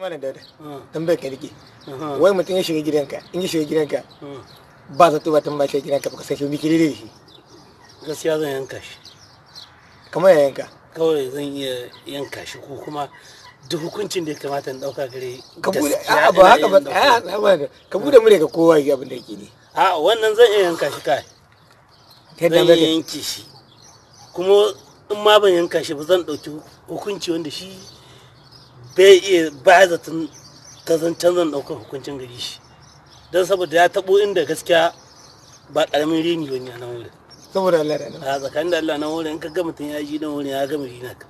mana ah. tambayar ka rike wai mutum ya shiga gidanka in ya shiga gidanka ah. ba zato ba shi gidanka baka san biki da shi gaskiya zan yanka shi kamar ya yanka kawai zan iya yanka shi ko kuma duk hukuncin da ya kamata in dauka gare ka bude ba haka ba ka bude mure ka kowa ya abin da yake ne a wannan zan iya yanka shi kai zan iya yanke shi kuma in ma ban yanka shi ba zan dauki hukunci wanda shi bai iya baya zaton ta zan canzan ɗaukar hukuncin gari shi don saboda ya taɓo inda gaskiya ba ƙaramin rini ba ne a nan wurin saboda Allah da a tsakanin da Allah nan wurin ka ga mutum ya ji nan wurin ya gama rina ka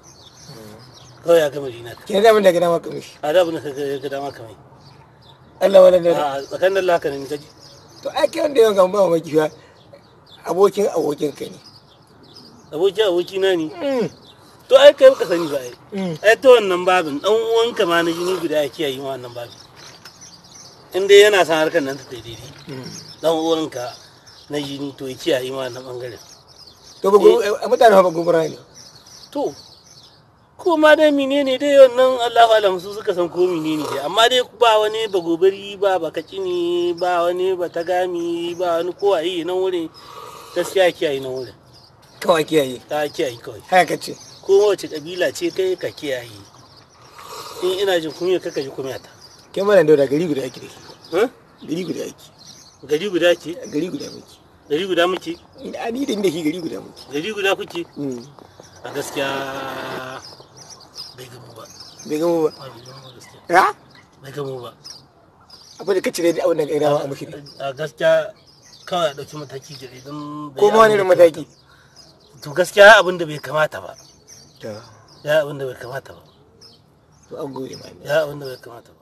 kawai ya gama rina ka ke da abin da ga dama kamar a da abin da ga dama kamar Allah wala da a tsakanin da Allah ka ne kaji to ai kai wanda yawan gamba maki fa abokin abokin ka ne abokin aboki na ne mm. to ai kai ka sani ba ai mm. ai to wannan babin dan uwanka ma na jini guda yake yi wannan babin in dai yana san harkar nan ta daidai mm. dan uwanka na jini to yake yi ma wannan bangaren to ba eh. Eh, mutane ba gobara ne to ko ma dai menene dai wannan Allahu alam su suka san ko menene dai amma dai ba wani ba gobari ba ba kacini ba wani ba gami ba wani kowaye nan wurin gaskiya kiyaye nan wurin kawai kiyaye ta kiyaye kawai haka ce ko wace kabila ce kai ka kiyaye in ina jin kunya ka ji kunya ta ke mana da gari guda yake dake gari guda yake gari guda ake gari guda muke gari guda muke a ni da ni ke gari guda muke gari guda kuke mm. a gaskiya bai gamu ba bai gamu ba ha bai gamu ba abin da cire da wannan gaira a mashi a gaskiya kawai a ɗauki mataki da ko ma wani mataki to gaskiya abin da bai kamata ba ya abin da bai kamata ba ya abin da bai kamata ba